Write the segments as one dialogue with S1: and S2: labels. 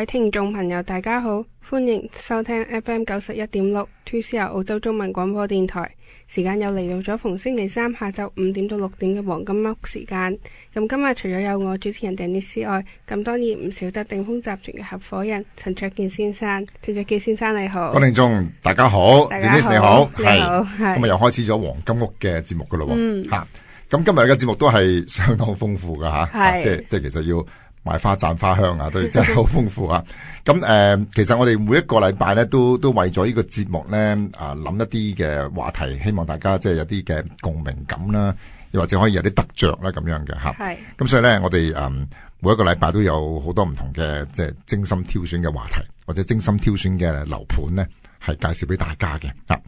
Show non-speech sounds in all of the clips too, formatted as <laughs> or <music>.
S1: 各位聽眾朋友，大家好，歡迎收聽 FM 九十一點六 To s i 澳洲中文廣播電台，時間又嚟到咗逢星期三下晝五點到六點嘅黃金屋時間。咁今日除咗有我主持人 Dennis 外，咁當然唔少得鼎豐集團嘅合伙人陳焯楗先生。陳焯楗先生你好，各位聽眾
S2: 大家好 Dennis 你好，係，今日又開始咗黃金屋嘅節目噶啦。嗯，吓、啊，咁今日嘅節目都係相當豐富噶吓，係、啊，即係即係其實要。買花讚花香啊，對，真係好豐富啊！咁 <laughs> 誒、呃，其實我哋每一個禮拜咧，都都為咗呢個節目咧，啊、呃、諗一啲嘅話題，希望大家即係有啲嘅共鳴感啦，又或者可以有啲得着啦，咁樣嘅吓。係。咁所以咧，我哋誒、呃、每一個禮拜都有好多唔同嘅，即、就、係、是、精心挑選嘅話題，或者精心挑選嘅樓盤咧，係介紹俾大家嘅啊。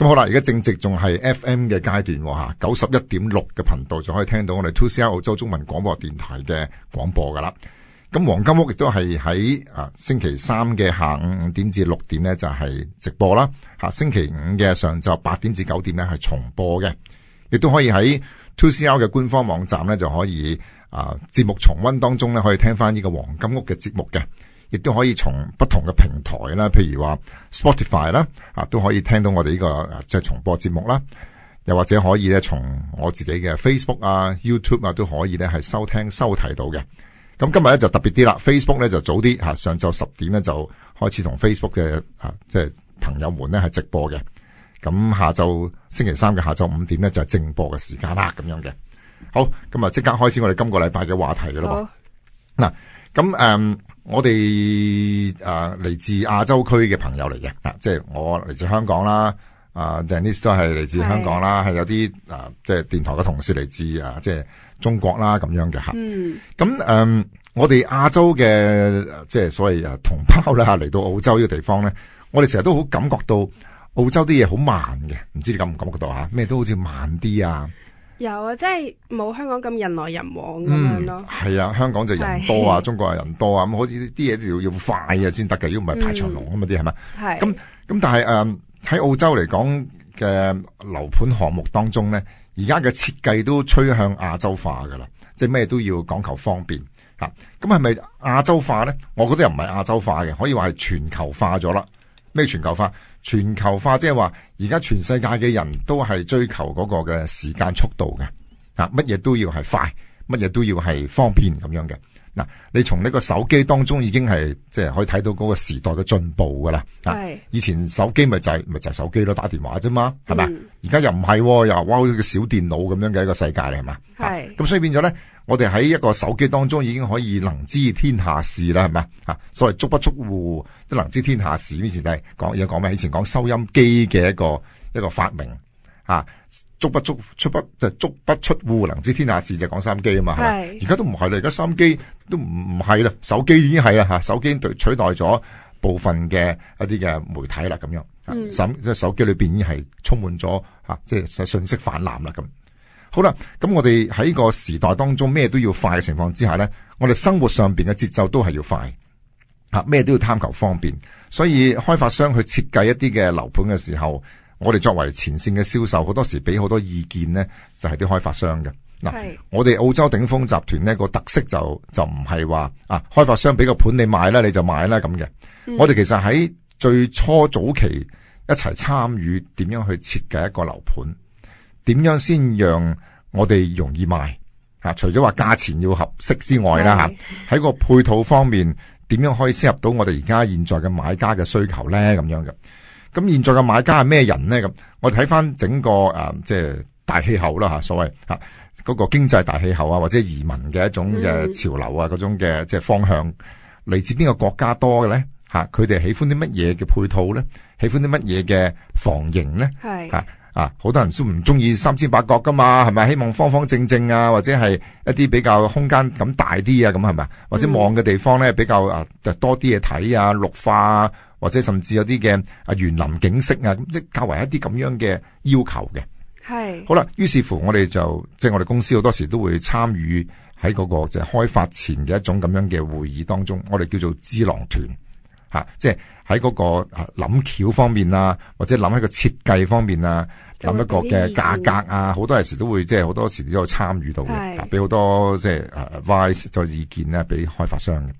S2: 咁好啦，而家正值仲係 FM 嘅階段吓，九十一點六嘅頻道就可以聽到我哋 2CR 澳洲中文廣播電台嘅廣播噶啦。咁黃金屋亦都係喺啊星期三嘅下午五點至六點呢就係、是、直播啦，吓、啊、星期五嘅上晝八點至九點呢係重播嘅，亦都可以喺 2CR 嘅官方網站呢就可以啊節目重温當中呢可以聽翻呢個黃金屋嘅節目嘅。亦都可以從不同嘅平台啦，譬如話 Spotify 啦、啊，啊都可以聽到我哋呢、這個即係、就是、重播節目啦，又或者可以咧從我自己嘅 Facebook 啊、YouTube 啊都可以咧係收聽收睇到嘅。咁今日咧就特別啲啦，Facebook 咧就早啲吓、啊，上晝十點咧就開始同 Facebook 嘅啊即係、就是、朋友們咧係直播嘅。咁下晝星期三嘅下晝五點咧就係、是、正播嘅時間啦，咁樣嘅。好，咁啊即刻開始我哋今個禮拜嘅話題啦喇嗱，咁誒。啊我哋誒嚟自亞洲區嘅朋友嚟嘅、啊，即係我嚟自香港啦，啊 Denise 都係嚟自香港啦，係有啲誒、啊、即係電台嘅同事嚟自啊即係中國啦咁樣嘅吓。咁、嗯、誒、嗯，我哋亞洲嘅即係所謂誒同胞啦嚟、啊、到澳洲呢個地方咧，我哋成日都好感覺到澳洲啲嘢好慢嘅，唔知你感唔感覺到啊？咩都好似慢啲啊！
S1: 有啊，即係冇香港咁人來人往咁咯。
S2: 係、嗯、啊，香港就人多啊，中國人多啊，咁好似啲嘢要要快啊先得噶，要唔係排長龍咁啊啲係咪？咁、嗯、咁但係誒喺澳洲嚟講嘅樓盤項目當中咧，而家嘅設計都趨向亞洲化噶啦，即係咩都要講求方便吓。咁係咪亞洲化咧？我覺得又唔係亞洲化嘅，可以話係全球化咗啦。咩全球化？全球化即係話，而家全世界嘅人都係追求嗰個嘅時間速度嘅，啊，乜嘢都要係快，乜嘢都要係方便咁樣嘅。嗱，你從呢個手機當中已經係即係可以睇到嗰個時代嘅進步噶啦。係以前手機咪就係、是、咪就係手機咯，打電話啫嘛，係嘛？而、嗯、家又唔係又哇，好似個小電腦咁樣嘅一個世界嚟係嘛？係咁，所以變咗咧，我哋喺一個手機當中已經可以能知天下事啦，係咪？吓所謂足不足戶，都能知天下事。以前咪講嘢講咩？以前講收音機嘅一個一個發明。啊！足不足出不就足不出戶，能知天下事就講、是、三機啊嘛！係而家都唔係啦，而家三機都唔唔係啦，手機已經係啦吓，手機取代咗部分嘅一啲嘅媒體啦，咁樣，啊嗯、手即係手機裏邊已經係充滿咗吓，即、啊、係、就是、信息泛濫啦咁。好啦，咁我哋喺呢個時代當中咩都要快嘅情況之下咧，我哋生活上邊嘅節奏都係要快，啊咩都要貪求方便，所以開發商去設計一啲嘅樓盤嘅時候，我哋作為前線嘅銷售，好多時俾好多意見呢，就係、是、啲開發商嘅。嗱，我哋澳洲鼎豐集團呢、個特色就就唔係話啊開發商俾個盤你買啦，你就買啦咁嘅。我哋其實喺最初早期一齊參與點樣去設計一個樓盤，點樣先讓我哋容易賣啊？除咗話價錢要合適之外啦，吓喺、啊、個配套方面，點樣可以適合到我哋而家現在嘅買家嘅需求呢？咁樣嘅。咁現在嘅買家係咩人咧？咁我哋睇翻整個誒、啊，即係大氣候啦吓、啊，所謂吓嗰個經濟大氣候啊，或者移民嘅一種嘅潮流啊，嗰、嗯、種嘅即係方向嚟自邊個國家多嘅咧？吓、啊，佢哋喜歡啲乜嘢嘅配套咧？喜歡啲乜嘢嘅房型咧？係吓啊！好、啊、多人都唔中意三尖八角噶嘛，係咪？希望方方正正啊，或者係一啲比較空間咁大啲啊，咁係咪？或者望嘅地方咧，比較啊多啲嘢睇啊，綠化、啊。或者甚至有啲嘅啊園林景色啊，即係較為一啲咁樣嘅要求嘅。
S1: 係。好
S2: 啦，於是乎我哋就即係我哋公司好多時都會參與喺嗰個即係開發前嘅一種咁樣嘅會議當中，我哋叫做智囊團嚇、啊，即係喺嗰個諗橋方面啊，或者諗喺個設計方面啊，諗一,一個嘅價格啊，好多時都會即係好多時都有參與到嘅，俾好、啊、多即係誒 advice 作意見咧、啊，俾開發商嘅。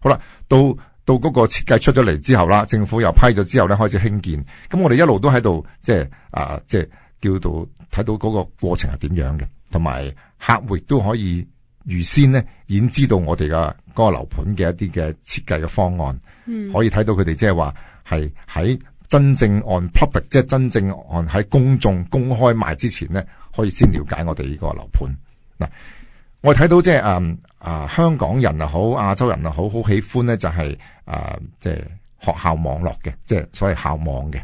S2: 好啦，到。到嗰個設計出咗嚟之後啦，政府又批咗之後咧，開始興建。咁我哋一路都喺度，即係啊，即係叫到睇到嗰個過程係點樣嘅，同埋客戶亦都可以預先咧，演知道我哋嘅嗰個樓盤嘅一啲嘅設計嘅方案，嗯、可以睇到佢哋即係話係喺真正按 public，即係真正按，喺公眾公開賣之前咧，可以先了解我哋呢個樓盤。嗱、啊，我睇到即係啊，嗯啊！香港人又好，亞洲人又好，好喜歡咧，就係啊，即係學校網絡嘅，即係所謂校網嘅。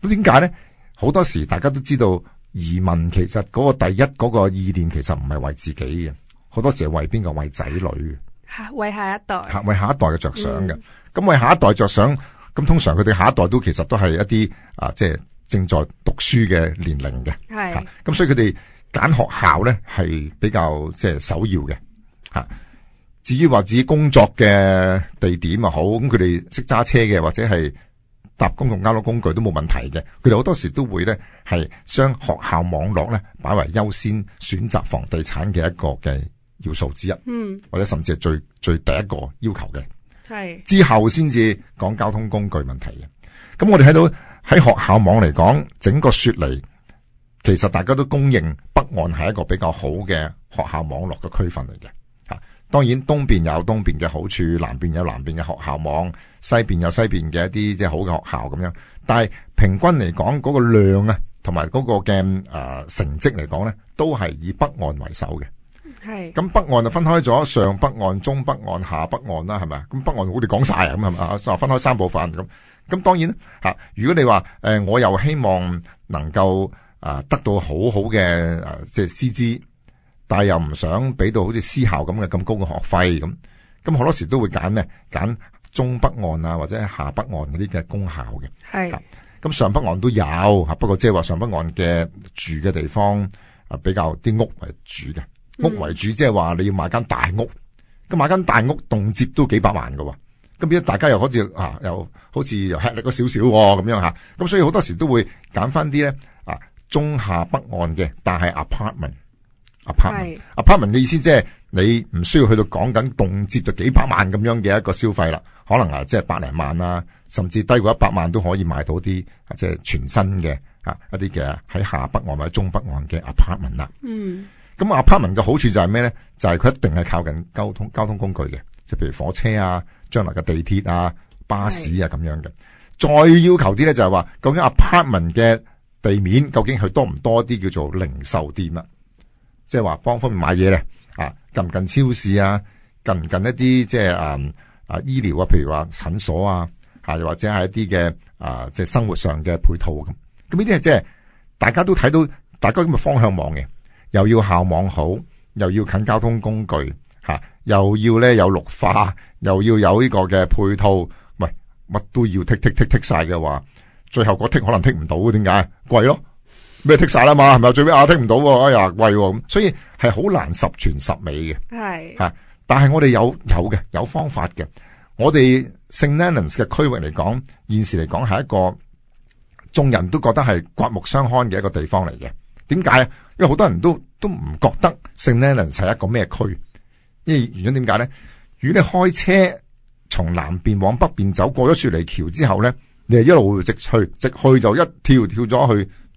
S2: 咁點解咧？好多時大家都知道移民其實嗰個第一嗰個意念其實唔係為自己嘅，好多時係為邊個？為仔女嘅
S1: 吓，為下一代吓，
S2: 為下一代嘅着想嘅。咁，嗯，為下一代着想，咁通常佢哋下一代都其實都係一啲啊，即係正在讀書嘅年齡嘅係。咁，啊，所以佢哋揀學校咧係比較即係首要嘅。至於話自己工作嘅地點啊，好，咁佢哋識揸車嘅，或者係搭公共交通工具都冇問題嘅。佢哋好多時候都會呢，係將學校網絡呢擺為優先選擇房地產嘅一個嘅要素之一，嗯、或者甚至係最最第一個要求嘅。係之後先至講交通工具問題嘅。咁我哋睇到喺學校網嚟講，整個雪嚟，其實大家都公認北岸係一個比較好嘅學校網絡嘅區分嚟嘅。當然，東邊有東邊嘅好處，南邊有南邊嘅學校網，西邊有西邊嘅一啲即係好嘅學校咁樣。但係平均嚟講，嗰、那個量啊，同埋嗰個嘅誒、呃、成績嚟講咧，都係以北岸為首嘅。係咁北岸就分開咗上北岸、中北岸、下北岸啦，係咪啊？咁北岸我哋講晒啊，咁係咪啊？就分開三部分咁。咁當然吓、啊，如果你話誒、呃，我又希望能夠啊、呃、得到好好嘅誒即係師資。但係又唔想俾到好似私校咁嘅咁高嘅學費咁，咁好多時都會揀咩？揀中北岸啊或者下北岸嗰啲嘅公校嘅。係。咁、啊、上北岸都有，吓，不過即係話上北岸嘅住嘅地方啊，比較啲屋為主嘅屋為主，即係話你要買間大屋，咁買間大屋動輒都幾百萬噶。咁變大家又好似啊，又好似又吃力咗少少喎，咁樣吓。咁所以好多時都會揀翻啲咧啊，中下北岸嘅，但係 apartment。apartment apartment 嘅意思即係你唔需要去到講緊動輒就幾百萬咁樣嘅一個消費啦，可能啊即係百零萬啊，甚至低過一百萬都可以買到啲即係全新嘅啊一啲嘅喺下北岸或者中北岸嘅 apartment 啦。嗯，咁 apartment 嘅好處就係咩咧？就係、是、佢一定係靠近交通交通工具嘅，即係譬如火車啊，將來嘅地鐵啊、巴士啊咁樣嘅。再要求啲咧，就係話究竟 apartment 嘅地面究竟佢多唔多啲叫做零售店啦。即係話幫方面買嘢呢，啊近唔近超市啊？近唔近一啲即係啊啊醫療啊？譬如話診所啊，吓、啊、又或者係一啲嘅啊即係、就是、生活上嘅配套咁。咁呢啲係即係大家都睇到，大家咁嘅方向網嘅，又要校網好，又要近交通工具，吓、啊、又要咧有綠化，又要有呢個嘅配套，咪乜都要 tick tick tick tick 晒嘅話，最後嗰 tick 可能 tick 唔到，點解？貴咯。咩剔晒啦嘛，係咪最尾啊，剔唔到喎，啊，哎呀，貴喎，啊、咁，所以係好難十全十美嘅。係嚇，但係我哋有有嘅，有方法嘅。我哋聖奈蘭斯嘅區域嚟講，現時嚟講係一個眾人都覺得係刮目相看嘅一個地方嚟嘅。點解啊？因為好多人都都唔覺得聖奈蘭斯係一個咩區。因為原因點解咧？如果你開車從南邊往北邊走，過咗雪梨橋之後咧，你係一路直去，直去就一跳跳咗去。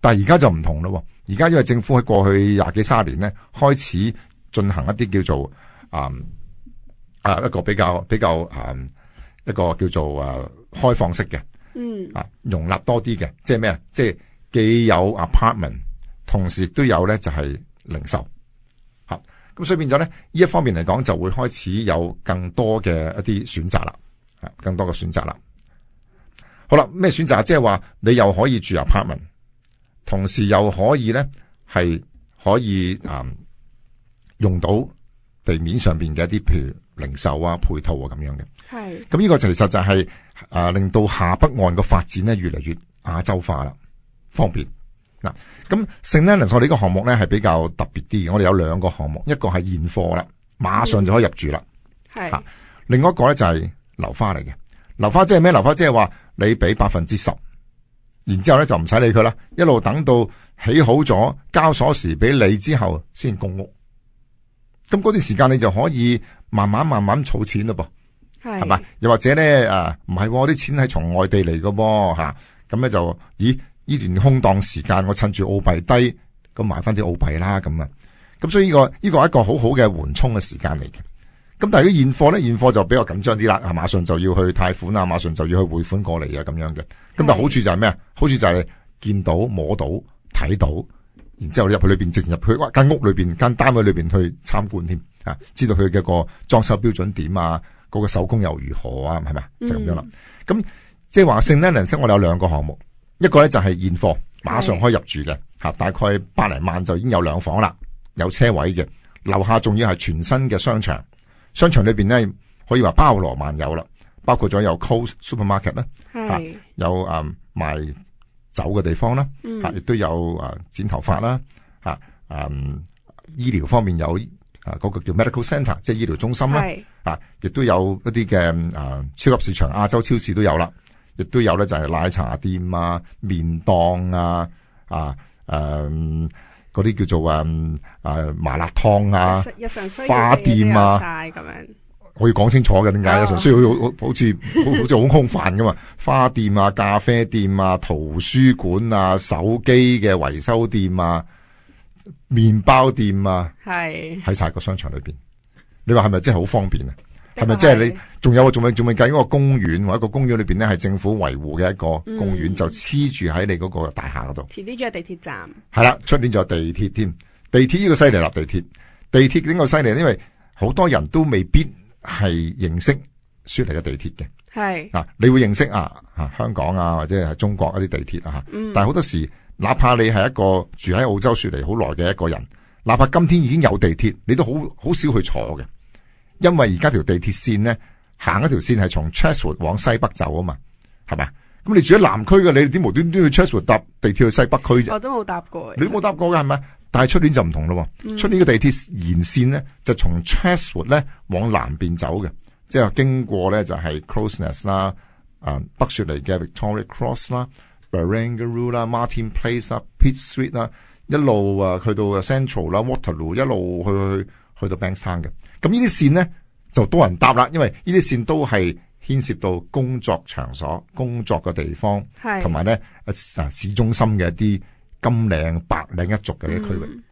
S2: 但係而家就唔同咯，而家因為政府喺過去廿幾三十年咧，開始進行一啲叫做、嗯、啊啊一個比較比較啊、嗯、一個叫做啊開放式嘅，嗯啊容納多啲嘅，即係咩啊？即係既有 apartment，同時亦都有咧就係、是、零售，吓、啊、咁所以變咗咧呢一方面嚟講，就會開始有更多嘅一啲選擇啦、啊，更多嘅選擇啦。好啦，咩選擇？即係話你又可以住 apartment。同時又可以咧，係可以誒、嗯，用到地面上邊嘅一啲，譬如零售啊、配套啊咁樣嘅。係。咁呢個其實就係、是呃、令到下北岸嘅發展咧越嚟越亞洲化啦，方便。嗱、啊，咁 St Leonards 呢個項目咧係比較特別啲。我哋有兩個項目，一個係現貨啦，馬上就可以入住啦。係、啊。另一個咧就係、是、流花嚟嘅，流花即係咩？流花即係話你俾百分之十。然之後咧就唔使理佢啦，一路等到起好咗交鎖匙俾你之後先供屋。咁嗰段時間你就可以慢慢慢慢儲錢咯噃，係嘛？又或者咧誒，唔係我啲錢係從外地嚟嘅喎。吓、啊，咁咧就，咦？呢段空檔時間我趁住澳幣低，咁買翻啲澳幣啦，咁啊，咁所以呢、呢個呢、呢個係一個好好嘅緩衝嘅時間嚟嘅。咁但係佢現貨咧，現貨就比較緊張啲啦，係馬上就要去貸款啊，馬上就要去匯款過嚟啊，咁樣嘅。咁但係好處就係咩啊？好處就係你見到、摸到、睇到，然之後你入去裏邊，直入去一間屋裏邊、間單位裏邊去參觀添、啊，知道佢嘅個裝修標準點啊，嗰個手工又如何啊，係咪、嗯、就咁樣啦？咁即係話 St Leonards，我哋有兩個項目，一個咧就係現貨，馬上可以入住嘅，吓，大概百零萬就已經有兩房啦，有車位嘅，樓下仲要係全新嘅商場。商場裏邊咧可以話包羅萬有啦，包括咗有 cold supermarket 咧，吓、啊、有啊賣酒嘅地方啦，吓、嗯、亦、啊、都有啊剪頭髮啦，吓、啊、嗯、啊、醫療方面有啊嗰、那個叫 medical center 即係醫療中心啦，吓亦、啊、都有一啲嘅啊超級市場亞洲超市都有啦，亦都有咧就係、是、奶茶店啊、麵檔啊、啊嗯。嗰啲叫做誒誒、嗯啊、麻辣燙啊，啊，花店啊，咁樣，講清楚嘅點解？日常需要好、oh. 好似好似好空泛噶嘛？ <laughs> 花店啊，咖啡店啊，圖書館啊，手機嘅維修店啊，麵包店啊，
S1: 係喺
S2: 晒個商場裏邊，你話係咪真係好方便啊？係咪即係你有？仲有個仲未仲未計嗰個公園？或者一個公園裏面，咧係政府維護嘅一個公園，嗯、就黐住喺你嗰個大廈嗰度。遲
S1: 啲仲有地鐵站。
S2: 係啦，出邊仲有地鐵添？地鐵呢個犀利喇，地鐵，地鐵呢個犀利？因為好多人都未必係認識雪梨嘅地鐵嘅。
S1: 係嗱、
S2: 啊，你會認識啊，啊？香港啊，或者係中國一啲地鐵啊、嗯、但係好多時，哪怕你係一個住喺澳洲雪梨好耐嘅一個人，哪怕今天已經有地鐵，你都好好少去坐嘅。因為而家條地鐵線咧，行一條線係從 Chatswood 往西北走啊嘛，係嘛？咁你住喺南區嘅，你哋點無端端去 Chatswood 搭地鐵去西北區啫？我都
S1: 冇搭過。你都冇
S2: 搭過嘅係咪？但係出年就唔同咯。出、嗯、年嘅地鐵沿線咧，就從 Chatswood 咧往南邊走嘅，即係經過咧就係、是、Crows Nest 啦、啊，啊北雪梨嘅 Victoria Cross 啦、啊、，Barangaroo 啦、啊、，Martin Place 啦、啊、，Pitt Street 啦、啊，一路啊去到 Central 啦、啊、，Waterloo 一路去去去到 Bankstown 嘅。咁呢啲線呢，就多人搭啦，因為呢啲線都係牽涉到工作場所、工作嘅地方，同埋呢市中心嘅一啲金領、白領一族嘅一區域，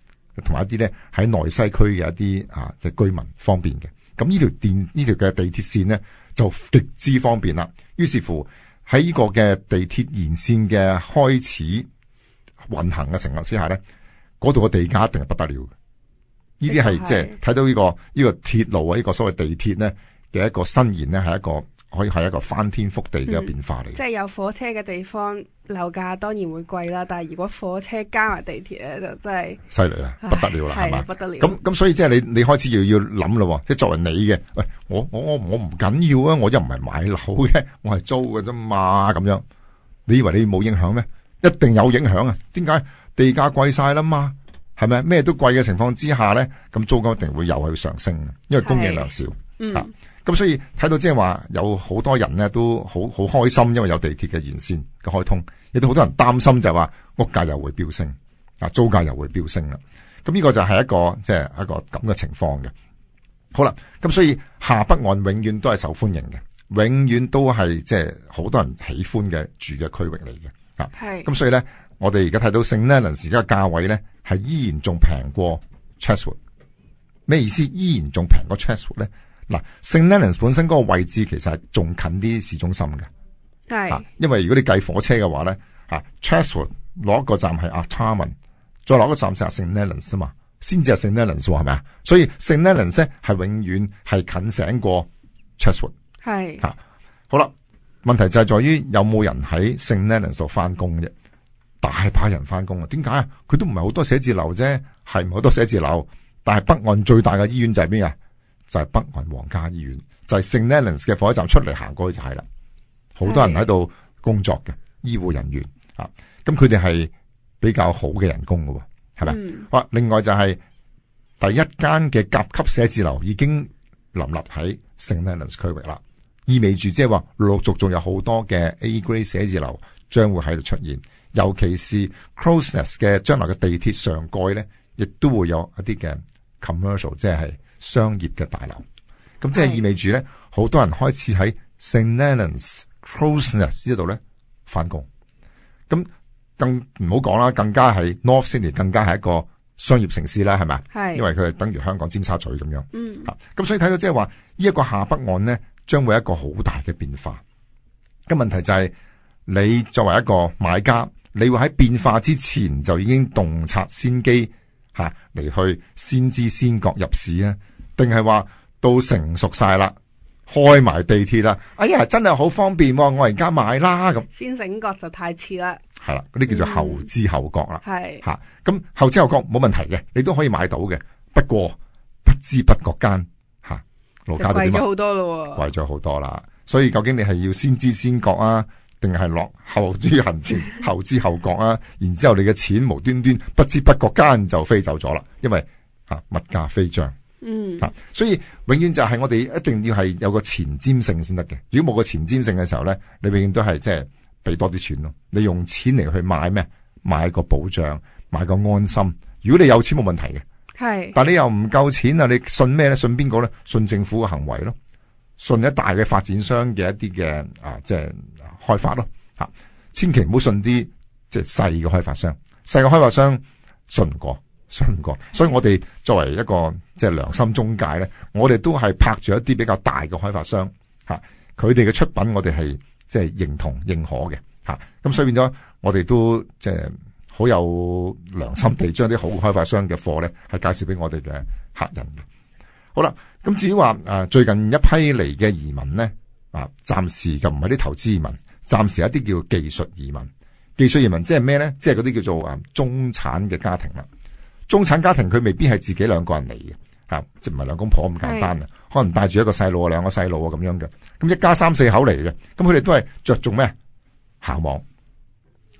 S2: 同、嗯、埋一啲呢喺內西區嘅一啲啊即、就是、居民方便嘅。咁呢條電呢條嘅地鐵線呢，就極之方便啦。於是乎喺呢個嘅地鐵延線嘅開始運行嘅情況之下呢，嗰度嘅地價一定係不得了。呢啲係即係睇到呢，這個呢，這個鐵路啊，呢，這個所謂地鐵咧嘅一個伸延咧，係一個可以係一個翻天覆地嘅變化嚟。即、嗯、係、就
S1: 是、有火車嘅地方，樓價當然會貴啦。但係如果火車加埋地鐵咧，就真係
S2: 犀利啦，不得了啦，係嘛？不得了。咁咁，所以即係你你開始要要諗咯。即係作為你嘅，喂，我我我我唔緊要啊，我又唔係買樓嘅，我係租嘅啫嘛。咁樣，你以為你冇影響咩？一定有影響啊！點解地價貴晒啦嘛？係咪咩都貴嘅情況之下呢，咁租金一定會又係上升，因為供應量少。嗯，咁所以睇到即係話有好多人呢都好好開心，因為有地鐵嘅沿線嘅開通，亦都好多人擔心就係話屋價又會飆升，啊，租價又會飆升啦。咁呢個就係一個即係、就是、一個咁嘅情況嘅。好啦，咁所以下北岸永遠都係受歡迎嘅，永遠都係即係好多人喜歡嘅住嘅區域嚟嘅。啊，係。咁所以呢。我哋而家睇到聖 Leonards 而家個價位咧係依然仲平過 Chatswood，咩意思？依然仲平過 Chatswood 咧？嗱、啊，聖 Leonards 本身個位置其實係仲近啲市中心嘅，係、啊，因為如果你計火車嘅話咧，啊，Chatswood 攞一個站係 Artarmon，再攞個站就係聖 Leonards 啊嘛，先至係聖 Leonards 數係咪啊？所以聖 Leonards 咧係永遠係近醒過 Chatswood，係啊。好啦，問題就係在於有冇人喺聖 Leonards 度翻工啫。大把人翻工啊？點解啊？佢都唔係好多寫字樓啫，係唔好多寫字樓。但係北岸最大嘅醫院就係咩？啊？就係、是、北岸皇家醫院，就係、是、St. Leonards 嘅火車站出嚟，行過去就係啦。好多人喺度工作嘅醫護人員啊，咁佢哋係比較好嘅人工噶，係咪、嗯啊？另外就係、是、第一間嘅甲級寫字樓已經林立喺 St. Leonards 區域啦，意味住即係話陸續仲有好多嘅 A Grade 寫字樓將會喺度出現。尤其是 Crows Nest 嘅將來嘅地鐵上蓋咧，亦都會有一啲嘅 commercial，即係商業嘅大樓，咁即係意味住咧，好多人開始喺 St Leonards Crows Nest 呢度咧翻工。咁更唔好講啦，更加係 North Sydney，更加係一個商業城市啦，係咪？係，因為佢係等於香港尖沙咀咁樣，嗯。吓，咁所以睇到即係話呢一個下北岸咧，將會一個好大嘅變化。咁問題就係、是、你作為一個買家。你會喺變化之前就已經洞察先機吓，嚟、啊、去先知先覺入市啊？定係話到成熟晒啦，開埋地鐵啦？哎呀，真係好方便、啊，我而家買啦咁。
S1: 先醒覺就太遲啦，
S2: 係啦、啊，嗰啲叫做後知後覺啦，係、嗯、吓。咁、啊、後知後覺冇問題嘅，你都可以買到嘅。不過不知不覺間吓，樓價就貴咗好多咯，貴咗好多啦。所以究竟你係要先知先覺啊？定係落後之行前後知後覺啊？然之後你嘅錢無端端不知不覺間就飛走咗啦，因為啊物價飛漲，嗯啊，所以永遠就係我哋一定要係有個前瞻性先得嘅。如果冇個前瞻性嘅時候咧，你永遠都係即係俾多啲錢咯。你用錢嚟去買咩？買一個保障，買個安心。如果你有錢冇問題嘅，
S1: 係，但
S2: 你又唔夠錢啊！你信咩咧？信邊個咧？信政府嘅行為咯？信一大嘅發展商嘅一啲嘅啊，即係。開發咯，吓，千祈唔好信啲即係細嘅開發商，細嘅開發商信唔過，信唔過，所以我哋作為一個即係良心中介咧，我哋都係拍住一啲比較大嘅開發商，吓，佢哋嘅出品我哋係即係認同認可嘅，吓，咁所以變咗我哋都即係好有良心地將啲好嘅開發商嘅貨咧，係介紹俾我哋嘅客人嘅。好啦，咁至於話誒最近一批嚟嘅移民咧，啊，暫時就唔係啲投資移民。暫時有一啲叫技術移民，技術移民即係咩咧？即係嗰啲叫做啊中產嘅家庭啦。中產家庭佢未必係自己兩個人嚟嘅，吓、啊、即唔係兩公婆咁簡單啊。可能帶住一個細路啊，兩個細路啊咁樣嘅，咁一家三四口嚟嘅，咁佢哋都係着重咩？校網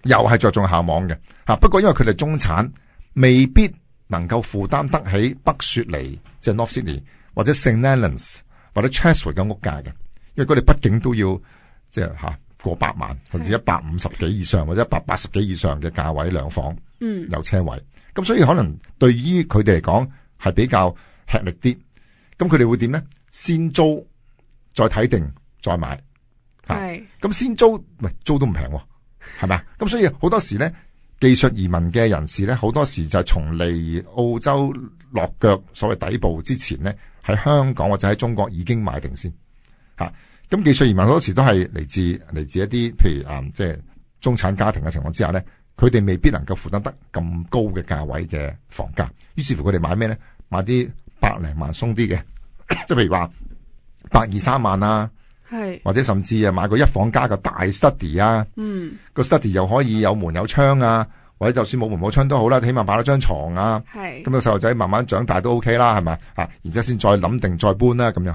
S2: 又係着重校網嘅吓。不過因為佢哋中產未必能夠負擔得起北雪梨，即係 North Sydney 或者 St Leonards 或者 Chatswood 嘅屋價嘅，因為佢哋畢竟都要即係吓。啊過百萬甚至一百五十幾以上或者一百八十幾以上嘅價位兩房，嗯，有車位，咁所以可能對於佢哋嚟講係比較吃力啲，咁佢哋會點呢？先租再睇，定再買。係，咁、啊、先租，唔係租都唔平，係咪啊？咁所以好多時呢，技術移民嘅人士呢，好多時就係從嚟澳洲落腳，所謂底部之前呢，喺香港或者喺中國已經買定先，吓、啊。咁技術移民好多時都係嚟自嚟自一啲，譬如、嗯、即係中產家庭嘅情況之下咧，佢哋未必能夠負擔得咁高嘅價位嘅房價，於是乎佢哋買咩咧？買啲百零萬鬆啲嘅，即係譬如話百二三萬啦、啊，係或者甚至啊買個一房加個大 study 啊，嗯，個 study 又可以有門有窗啊，或者就算冇門冇窗都好啦，起碼買咗張床啊，係咁啊，細路仔慢慢長大都 OK 啦，係咪啊？然之後先再諗定再搬啦、啊，咁樣。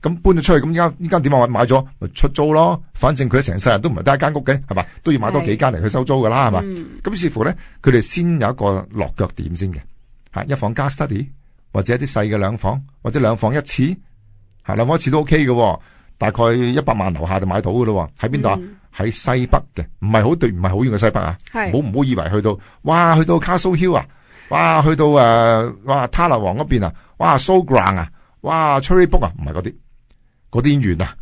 S2: 咁搬咗出去，咁依家依間點啊？買買咗咪出租咯？反正佢成世人都唔係得一間屋嘅，係嘛？都要多買多幾間嚟去收租噶啦，係嘛？咁、嗯、似乎咧，佢哋先有一個落腳點先嘅，吓，一房加 study 或者一啲細嘅兩房或者兩房一廁係兩房一廁都 OK 嘅，大概一百萬樓下就買到噶咯，喺邊度啊？喺、嗯、西北嘅，唔係好對唔係好遠嘅西北啊？唔好唔好以為去到哇去到 Castle Hill 啊，哇去到誒、呃、哇 Tallawong 嗰邊啊，哇 Showground 啊，哇 Cherrybrook 啊，唔係嗰啲。嗰啲遠啊，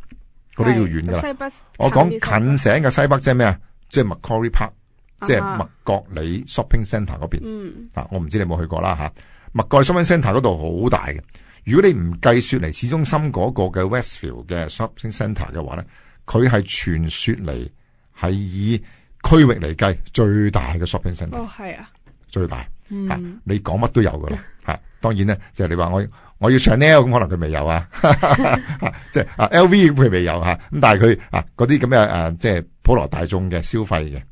S2: 嗰啲要遠噶啦。我講近城嘅西北即係咩啊？即係 Macquarie Park，即係、
S1: Uh-huh、麥
S2: 國里 Shopping Centre 嗰邊。啊，我唔知你有冇去過啦吓。麥國里 Shopping Centre 嗰度好大嘅。如果你唔計雪梨市中心嗰個嘅 Westfield 嘅 Shopping Centre 嘅話咧，佢係全雪梨係以區域嚟計最大嘅 Shopping Centre。哦，係啊，最大。嗯，啊、你講乜都有噶啦。吓、 <laughs> 啊，當然咧，就係、是、你話我。我要上 l 咁可能佢未有啊，即 <laughs> 係 <laughs> 啊 L V 咁佢未有吓，咁但係佢啊嗰啲咁嘅誒，即係普羅大眾嘅消費嘅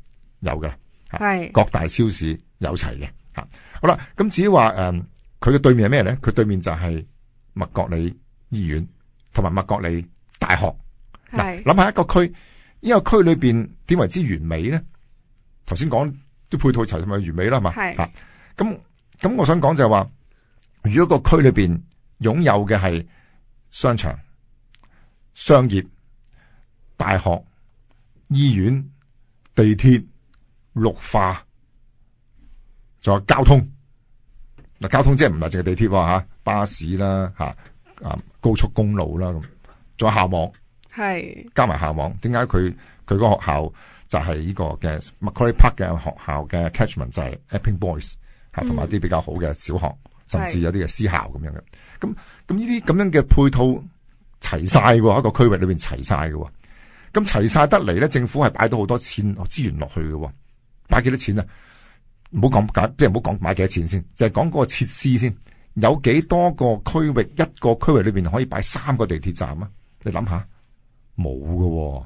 S2: 有啦，係各大超市有齊嘅吓，好啦，咁至於話誒，佢、嗯、嘅對面係咩咧？佢對面就係麥國利醫院同埋麥國利大學，嗱，諗下一個區，呢個區裏邊點為之完美咧？頭先講啲配套齊係咪完美啦，係嘛，吓咁咁，啊、我想講就係話，如果個區裏邊。擁有嘅係商場、商業、大學、醫院、地鐵、綠化，仲有交通。嗱，交通即係唔係淨係地鐵吓，巴士啦吓，啊高速公路啦咁，仲有校網，係加埋校網。點解佢佢個學校就係呢個嘅 Macquarie Park 嘅學校嘅 Catchment 就係 Epping Boys 吓，同埋啲比較好嘅小學。嗯甚至有啲嘅私校咁樣嘅，咁咁呢啲咁樣嘅配套齊晒喎。一個區域裏邊齊晒嘅，咁齊晒得嚟咧，政府係擺到好多錢資源落去嘅，擺幾多錢啊？唔好講解，即係唔好講買幾多錢先，就係講嗰個設施先，有幾多個區域，一個區域裏邊可以擺三個地鐵站啊？你諗下，冇㗎喎，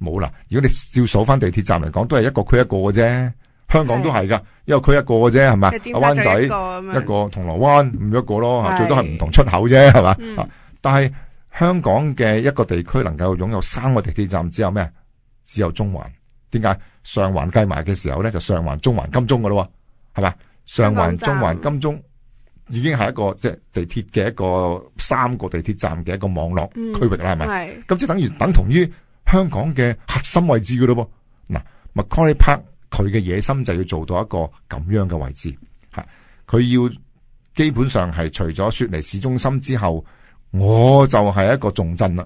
S2: 冇啦！如果你照數翻地鐵站嚟講，都係一個區一個嘅啫。香港都係噶，因為佢一個嘅啫，係咪？阿灣仔一個銅鑼灣唔一個咯，最多係唔同出口啫，係嘛？嗯、但係香港嘅一個地區能夠擁有三個地鐵站，只有咩？只有中環。點解？上環計埋嘅時候咧，就上環、上環中環、金鐘噶咯，係咪？上環、中環、金鐘已經係一個即係、就是、地鐵嘅一個三個地鐵站嘅一個網絡區域啦，係、嗯、咪？咁即等於等同於香港嘅核心位置噶咯噃。Macquarie Park 佢嘅野心，就要做到一個咁樣嘅位置，吓，佢要基本上係除咗雪梨市中心之後，我就係一個重鎮啦。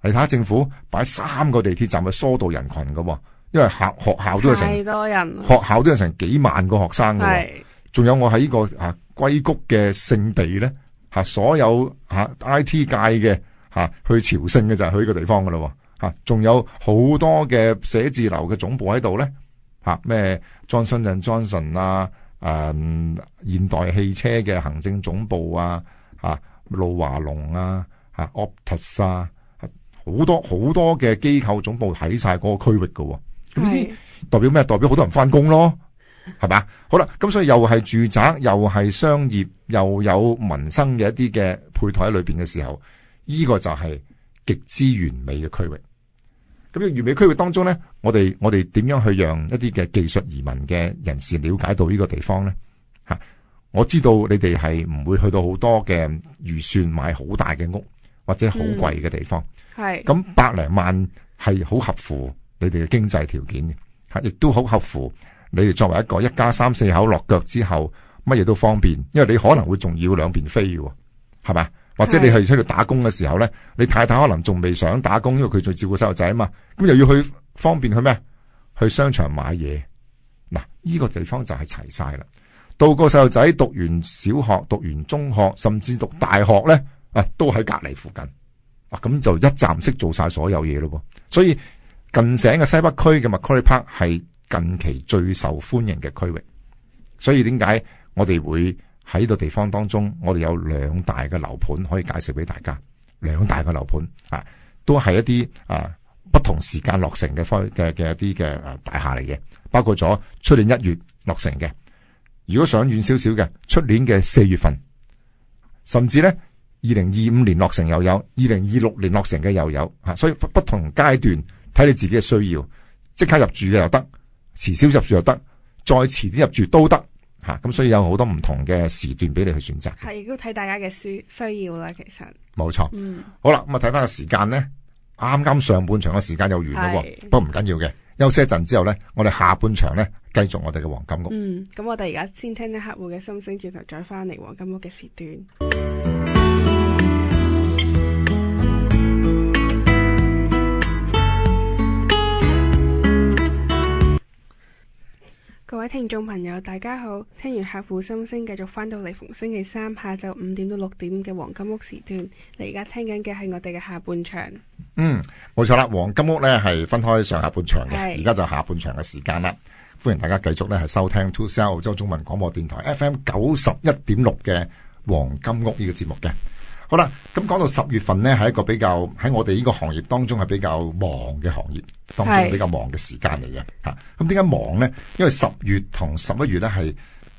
S2: 你睇下政府擺三個地鐵站去疏導人群喎，因為校學，學校都有成，幾
S1: 多人，學
S2: 校都有成幾萬個學生嘅，仲有我喺、這個啊、呢個啊硅谷嘅聖地咧，吓所有吓、啊、I T 界嘅吓、啊、去朝聖嘅就係去呢個地方噶啦，吓、啊、仲有好多嘅寫字樓嘅總部喺度咧。吓咩？Johnson & Johnson 啊，誒、嗯、現代汽車嘅行政總部啊，嚇、啊、路華龍啊，啊，Optus 啊，好多好多嘅機構總部喺晒嗰個區域嘅、啊，咁呢啲代表咩？代表好多人翻工咯，係嘛？好啦，咁所以又係住宅，又係商業，又有民生嘅一啲嘅配套喺裏邊嘅時候，呢、呢個就係極之完美嘅區域。咁樣完美區域當中呢，我哋我哋點樣去讓一啲嘅技術移民嘅人士了解到呢個地方呢？吓，我知道你哋係唔會去到好多嘅預算買好大嘅屋或者好貴嘅地方。係、嗯、咁百零萬係好合乎你哋嘅經濟條件嘅吓，亦都好合乎你哋作為一個一家三四口落腳之後，乜嘢都方便，因為你可能會仲要兩邊飛喎，係嘛？或者你去出度打工嘅時候咧，你太太可能仲未想打工，因為佢仲照顧細路仔啊嘛，咁又要去方便去咩？去商場買嘢，嗱，呢、這個地方就係齊晒啦。到個細路仔讀完小學、讀完中學，甚至讀大學咧，啊，都喺隔籬附近，啊，咁就一站式做晒所有嘢咯。所以近城嘅西北區嘅 Macquarie Park 係近期最受歡迎嘅區域。所以點解我哋會？喺呢個地方當中，我哋有兩大嘅樓盤可以介紹俾大家，兩大嘅樓盤啊，都係一啲啊不同時間落成嘅方嘅嘅一啲嘅大廈嚟嘅，包括咗出年一月落成嘅，如果想遠少少嘅，出年嘅四月份，甚至呢，二零二五年落成又有，二零二六年落成嘅又有，吓，所以不同階段睇你自己嘅需要，即刻入住嘅又得，遲少入住又得，再遲啲入住都得。吓、嗯，咁所以有好多唔同嘅時段俾你去選擇。係，
S1: 亦都睇大家嘅需需要啦，其實。冇錯。嗯。
S2: 好啦，咁啊睇翻個時間咧，啱啱上半場嘅時間又完啦，不過唔緊要嘅，休息一陣之後咧，我哋下半場咧繼續我哋嘅黃金屋。嗯，
S1: 咁我哋而家先聽聽客戶嘅心聲，轉頭再翻嚟黃金屋嘅時段。各位聽眾朋友，大家好！聽完客戶心聲，繼續翻到嚟逢星期三下晝五點到六點嘅黃金屋時段。你而家聽緊嘅係我哋嘅下半場。
S2: 嗯，冇錯啦，黃金屋呢係分開上下半場嘅，而家就下半場嘅時間啦。歡迎大家繼續呢係收聽 To Sell 澳洲中文廣播電台 FM 九十一點六嘅黃金屋呢個節目嘅。好啦，咁講到十月份咧，係一個比較喺我哋呢個行業當中係比較忙嘅行業，當中比較忙嘅時間嚟嘅吓。咁點解忙咧？因為十月同十一月咧係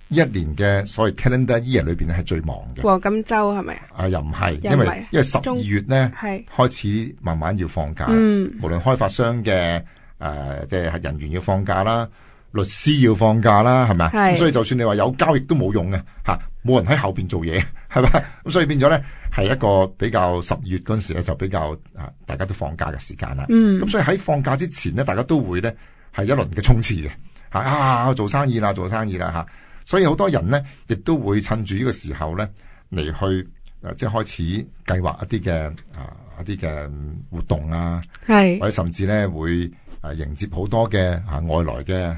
S2: 一年嘅所謂 calendar year 裏邊係最忙嘅。黃、
S1: 哦、金周係咪
S2: 啊？啊，又唔係，因為因為十二月咧開始慢慢要放假，嗯，無論開發商嘅誒，即、呃、係、就是、人員要放假啦。律師要放假啦，係咪啊？咁所以就算你話有交易都冇用嘅，吓、啊，冇人喺後邊做嘢，係咪？咁所以變咗咧，係一個比較十月嗰陣時咧，就比較啊，大家都放假嘅時間啦。嗯，咁所以喺放假之前咧，大家都會咧係一輪嘅衝刺嘅，吓啊，做生意啦，做生意啦，吓、啊。所以好多人咧，亦都會趁住呢個時候咧嚟去誒，即係開始計劃一啲嘅啊，一啲嘅活動啊，
S1: 係，或者
S2: 甚至咧會誒迎接好多嘅啊外來嘅。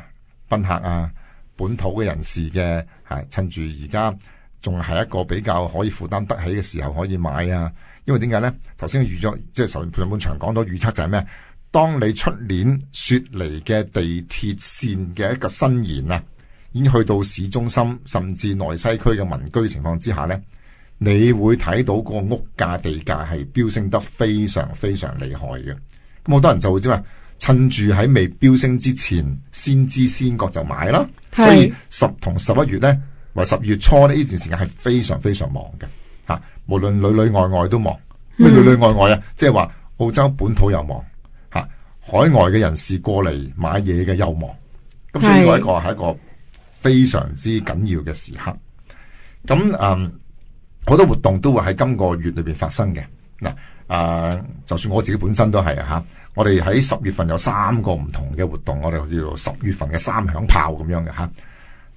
S2: 賓客啊，本土嘅人士嘅，吓，趁住而家仲係一個比較可以負擔得起嘅時候，可以買啊！因為點解呢？頭先預咗，即係上上半場講到預測就係咩？當你出年雪梨嘅地鐵綫嘅一個伸延啊，已經去到市中心甚至內西區嘅民居情況之下呢，你會睇到個屋價地價係飆升得非常非常厲害嘅。咁好多人就會知啊？趁住喺未飆升之前，先知先覺就買啦。所以十同十一月呢，或十二月初呢，呢段時間係非常非常忙嘅吓，無論裏裏外外都忙。咩裏裏外外啊？即係話澳洲本土又忙吓，海外嘅人士過嚟買嘢嘅又忙。咁所以呢個係一個非常之緊要嘅時刻。咁嗯，好多活動都會喺今個月裏邊發生嘅。嗱，誒，就算我自己本身都係啊，嚇，我哋喺十月份有三個唔同嘅活動，我哋叫做十月份嘅三響炮咁樣嘅嚇。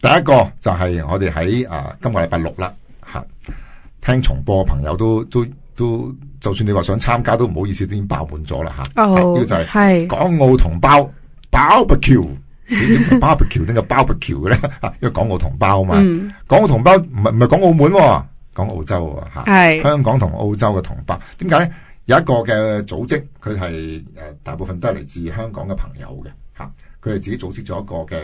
S2: 第一個就係我哋喺啊，今個禮拜六啦嚇，聽重播嘅朋友都都都，就算你話想參加都唔好意思，都已經爆滿咗啦嚇。呢、oh, 這個就係港澳同胞，barbecue，barbecue <laughs> barbecue, barbecue 呢個 barbecue 嘅咧嚇， <laughs> 因為港澳同胞啊嘛，mm. 港澳同胞唔係唔係講澳門喎、啊。講澳洲啊，吓，香港同澳洲嘅同胞，點解咧？有一個嘅組織，佢係誒大部分都係嚟自香港嘅朋友嘅，吓、啊，佢哋自己組織咗一個嘅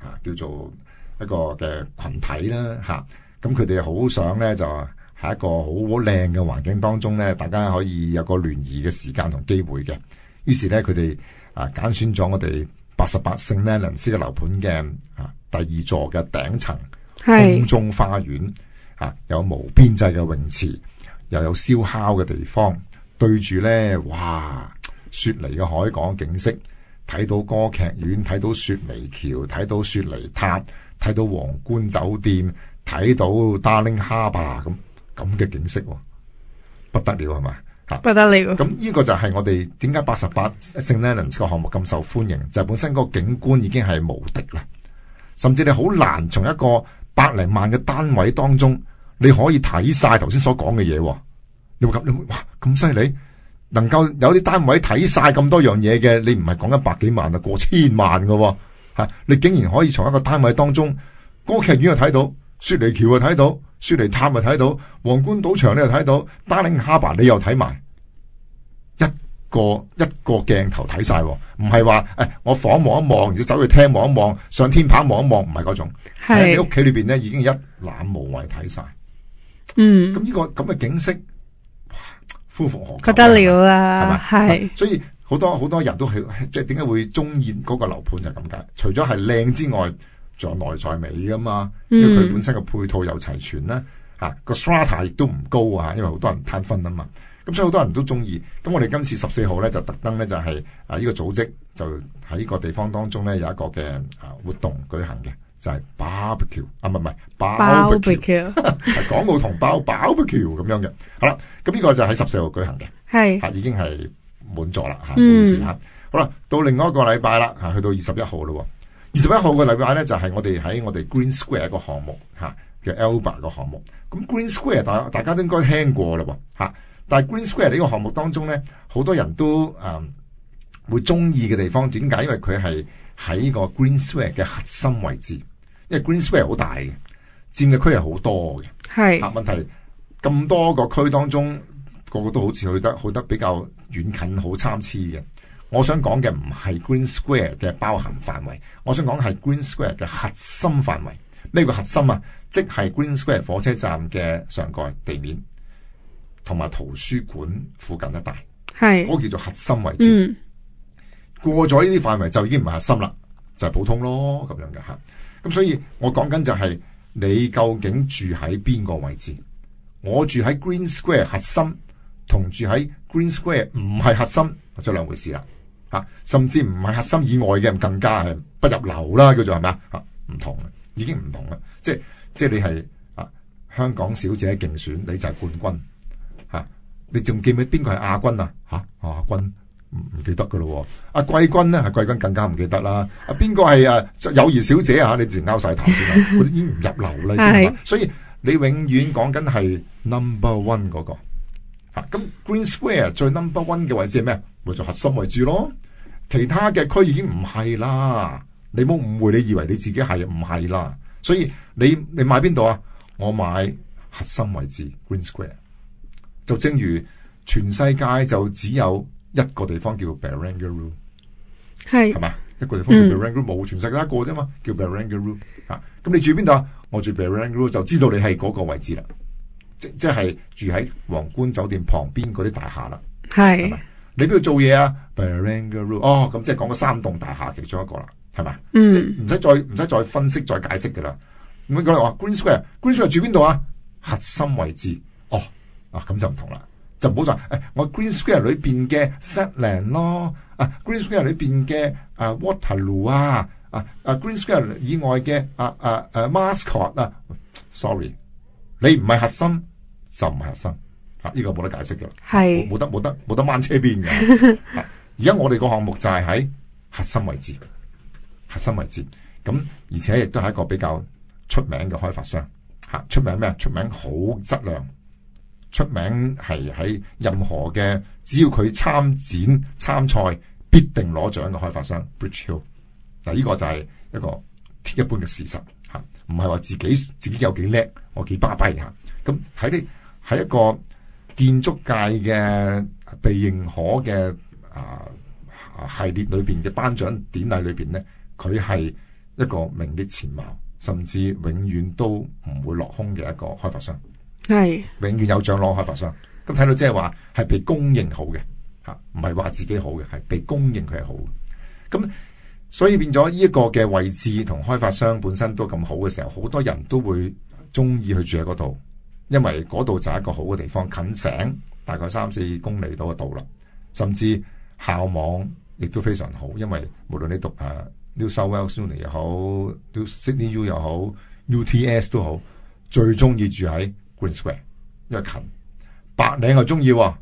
S2: 啊，叫做一個嘅群體啦，吓、啊，咁佢哋好想咧就喺一個好好靚嘅環境當中咧，大家可以有個聯誼嘅時間同機會嘅，於是咧佢哋啊揀選咗我哋八十八 St Leonards 嘅樓盤嘅啊第二座嘅頂層空中花園。啊！有無邊際嘅泳池，又有燒烤嘅地方，對住呢，哇雪梨嘅海港景色，睇到歌劇院，睇到雪梨橋，睇到雪梨塔，睇到皇冠酒店，睇到 Darling Harbour 咁咁嘅景色，不得了係嘛？吓，不得了！咁、啊、呢個就係我哋點解八十八 St Leonards 個項目咁受歡迎，就係本身個景觀已經係無敵啦，甚至你好難從一個百零萬嘅單位當中，你可以睇晒頭先所講嘅嘢，你會咁，你哇咁犀利，能夠有啲單位睇晒咁多樣嘢嘅，你唔係講一百幾萬就過千萬嘅，吓你竟然可以從一個單位當中，歌劇院又睇到，雪梨橋又睇到，雪梨塔又睇到，皇冠賭場你又睇到，Darling Harbour 你又睇埋，一個一個鏡頭睇晒，唔係話誒我房望一望，然之後走去聽望一望，上天棚望一望，唔係嗰種，喺你屋企裏邊咧已經一覽無遺睇晒。嗯，咁呢、這個咁嘅景色，夫復何求？覺得
S1: 了啦，係咪？係，
S2: 所以好多好多人都係，即係點解會中意嗰個樓盤就咁解？除咗係靚之外，仲有內在美噶嘛，因為佢本身嘅配套又齊全啦，吓個 strata 亦都唔高啊，因為好多人攤分啊嘛。咁所以好多人都中意。咁我哋今次十四號咧就特登咧就係、是、啊呢、這個組織就喺呢個地方當中咧有一個嘅啊活動舉行嘅。就係 barbecue 啊，唔係唔係，巴布橋，港澳同胞，barbecue 咁樣嘅。 <laughs> 好啦，咁呢個就喺十四號舉行嘅，係，已經係滿座啦，吓、嗯，好啦，到另外一個禮拜啦，吓，去到二十一號咯，二十一號嘅禮拜咧就係、是、我哋喺我哋 Green Square 一個項目吓嘅 Alba 個項目，咁 Green Square 大大家都應該聽過喇吓，但係 Green Square 呢個項目當中咧，好多人都誒、嗯、會中意嘅地方點解？因為佢係喺個 Green Square 嘅核心位置。因為 Green Square 好大嘅，佔嘅區係好多嘅。係，啊，問題咁多個區當中，個個都好似去得去得比較遠，近好參差嘅。我想講嘅唔係 Green Square 嘅包含範圍，我想講係 Green Square 嘅核心範圍。咩叫核心啊？即係 Green Square 火車站嘅上蓋地面，同埋圖書館附近一帶，係嗰、那個叫做核心位置。嗯、過咗呢啲範圍就已經唔係核心啦，就係、是、普通咯咁樣嘅吓。咁所以，我講緊就係你究竟住喺邊個位置？我住喺 Green Square 核心，同住喺 Green Square 唔係核心，或者兩回事啦。甚至唔係核心以外嘅人，更加係不入流啦，叫做係咪？吓，唔同，已經唔同啦。即係即係你係啊，香港小姐競選你就係冠軍。吓，你仲記唔記得邊個係亞軍啊？吓、啊，亞軍。唔記記得噶咯，阿、啊、貴君咧，阿、啊、貴君更加唔記得啦。邊邊個係啊？友誼小姐啊？你自然拗晒頭添 <laughs> 已經唔入流啦， <laughs> 所以你永遠講緊係 number one 嗰，那個吓。咁、啊、Green Square 最 number one 嘅位置係咩？咪就是，核心位置咯。其他嘅區已經唔係啦。你冇誤會，你以為你自己係唔係啦？所以你你買邊度啊？我買核心位置 Green Square。就正如全世界就只有。一個地方叫 Barangaroo 係，係嘛？一個地方叫 Barangaroo 冇，全世界一個啫嘛，叫 Barangaroo 啊！咁你住邊度啊？我住 Barangaroo，就知道你係嗰個位置啦。即即係住喺皇冠酒店旁邊嗰啲大廈啦。係，你邊度做嘢啊？Barangaroo 哦，咁即係講個三棟大廈其中一個啦，係嘛、嗯？即唔使，再唔使再分析再解釋噶啦。咁佢話 Green Square，Green Square 住邊度啊？核心位置，哦，啊咁就唔同啦。就唔好話，我 Green Square 裏邊嘅 Zetland 咯，啊 Green Square 裏邊嘅啊 Waterloo 啊，啊 Green Square 以外嘅啊啊、Mascot、啊 m a s k o t 啊，sorry，你唔係核心就唔係核心，啊呢、這個冇得解釋噶啦，係冇得冇得冇得掹車邊嘅。而、啊、家 <laughs> 我哋個項目就係喺核心位置，核心位置，咁而且亦都係一個比較出名嘅開發商，吓出名咩？出名好質量。出名係喺任何嘅，只要佢參展參賽，必定攞獎嘅開發商。Bridge Hill 嗱，呢個就係一個鐵一般嘅事實嚇，唔係話自己自己有幾叻，我幾巴閉嚇。咁喺啲喺一個建築界嘅被認可嘅啊、呃、系列裏邊嘅頒獎典禮裏邊咧，佢係一個名列前茅，甚至永遠都唔會落空嘅一個開發商。係，永遠有獎攞，開發商，咁睇到即係話係被公認好嘅，吓唔係話自己好嘅，係被公認佢係好嘅，咁所以變咗呢一個嘅位置同開發商本身都咁好嘅時候，好多人都會中意去住喺嗰度，因為嗰度就係一個好嘅地方，近城大概三四公里到嗰度啦，甚至校網亦都非常好，因為無論你讀誒、啊、New South Wales 又好，Sydney U 又好，UTS 都好，最中意住喺。Green Square，因為近，白領又中意，啊，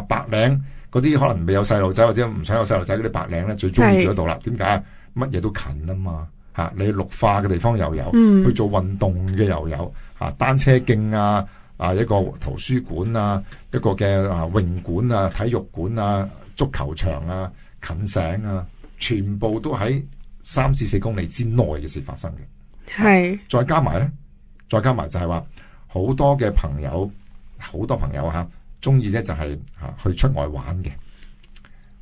S2: 白領嗰啲可能未有細路仔或者唔想有細路仔嗰啲白領咧，最中意住嗰度啦。點解啊？乜嘢都近啊嘛，吓你綠化嘅地方又有、嗯，去做運動嘅又有，吓、啊、單車徑啊，啊一個圖書館啊，一個嘅啊泳館啊，體育館啊，足球場啊，近城啊，全部都喺三至四公里之內嘅事發生嘅。
S1: 係、啊，
S2: 再加埋咧，再加埋就係話。好多嘅朋友，好多朋友吓、啊，中意咧就係吓去出外玩嘅，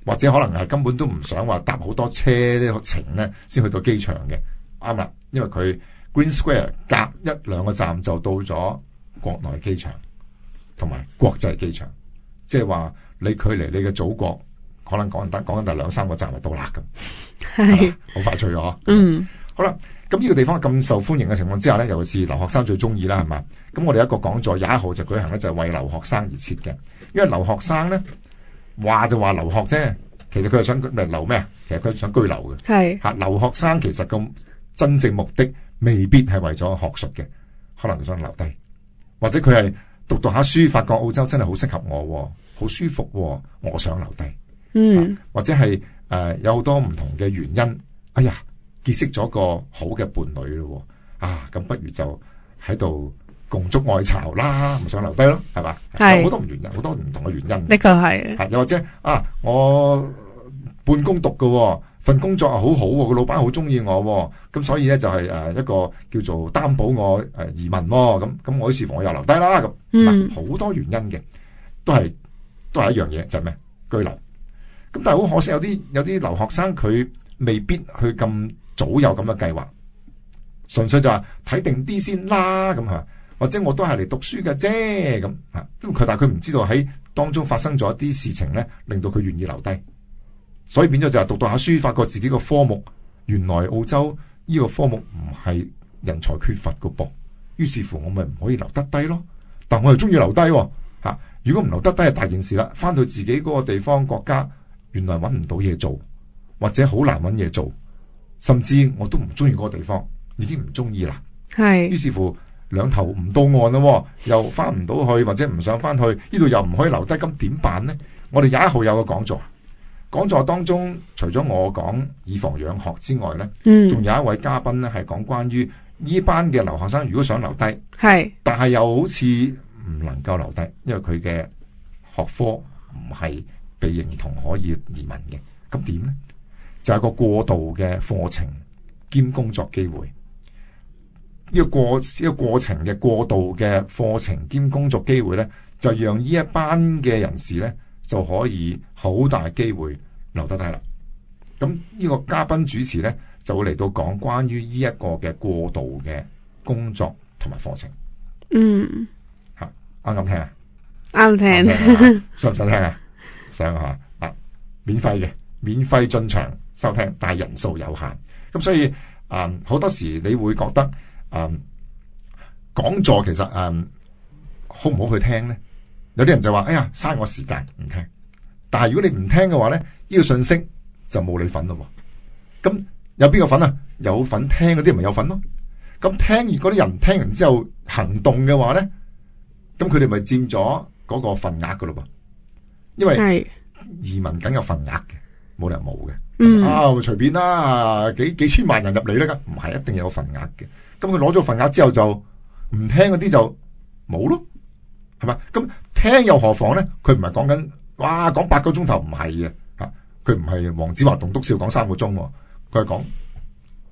S2: 或者可能係根本都唔想話搭好多車呢個程咧，先去到機場嘅。啱啦，因為佢 Green Square 隔一兩個站就到咗國內機場，同埋國際機場，即係話你距離你嘅祖國可能講得，講緊兩三個站就到啦，咁，係好快脆咗。
S1: 嗯，
S2: 好啦。咁呢個地方咁受歡迎嘅情況之下呢，尤其是留學生最中意啦，係嘛？咁我哋一個講座廿一號就舉行呢，就係為留學生而設嘅。因為留學生呢話就話留學啫，其實佢係想留咩？其實佢係想居留嘅。係吓，留學生其實個真正目的未必係為咗學術嘅，可能想留低，或者佢係讀讀下書，發覺澳洲真係好適合我，好舒服，我想留低。嗯，或者係誒有好多唔同嘅原因。哎呀！結識咗個好嘅伴侶咯、啊，啊，咁不如就喺度共築愛巢啦，唔想留低咯，係嘛？好多唔原因，好多唔同嘅原因的。的個係，又或者啊，我半工讀嘅、啊，份工作又好好、啊，個老闆好中意我、啊，咁所以咧就係、是、誒一個叫做擔保我誒移民咯、啊，咁咁我於是乎我又留低啦，咁好、嗯、多原因嘅，都係都係一樣嘢，就係、是、咩居留。咁但係好可惜有些，有啲有啲留學生佢未必去咁。早有咁嘅計劃，純粹就話睇定啲先啦，咁啊，或者我都係嚟讀書嘅啫，咁啊，咁佢但係佢唔知道喺當中發生咗一啲事情咧，令到佢願意留低，所以變咗就係讀讀下書，發覺自己個科目原來澳洲呢個科目唔係人才缺乏嘅噃，於是乎我咪唔可以留得低咯，但我又中意留低喎，嚇！如果唔留得低係大件事啦，翻到自己嗰個地方國家，原來揾唔到嘢做，或者好難揾嘢做。甚至我都唔中意嗰個地方，已經唔中意啦。係。於是乎兩頭唔到岸咯，又翻唔到去，或者唔想翻去，呢度又唔可以留低，咁點辦呢？我哋廿一號有，一有一個講座，講座當中除咗我講以房養學之外呢，仲、嗯、有一位嘉賓咧係講關於呢班嘅留學生，如果想留低，係，但係又好似唔能夠留低，因為佢嘅學科唔係被認同可以移民嘅，咁點呢？就係、是、個過渡嘅課程兼工作機會，呢個過呢個過程嘅過渡嘅課程兼工作機會咧，就讓呢一班嘅人士咧就可以好大機會留得低啦。咁呢個嘉賓主持咧就會嚟到講關於呢一個嘅過渡嘅工作同埋課程。
S1: 嗯，
S2: 吓啱唔啱聽啊？
S1: 啱聽，想
S2: 唔想聽啊？想啊！啊，免費嘅。免費進場收聽，但係人數有限，咁所以啊，好、嗯、多時你會覺得啊，講、嗯、座其實啊、嗯，好唔好去聽咧？有啲人就話：哎呀，嘥我時間唔聽。但係如果你唔聽嘅話咧，呢、這個信息就冇你份咯。咁有邊個份啊？有份聽嗰啲咪有份咯。咁聽完，如果啲人聽完之後行動嘅話咧，咁佢哋咪佔咗嗰個份額噶咯噃。
S1: 因為
S2: 移民梗有份額嘅。冇理由冇嘅，啊，隨便啦，幾幾千萬人入嚟咧，唔係一定有份額嘅。咁佢攞咗份額之後就唔聽嗰啲就冇咯，係嘛？咁聽又何妨咧？佢唔係講緊，哇，講八個鐘頭唔係嘅，吓佢唔係黃子華棟篤笑講三個鐘、啊，佢係講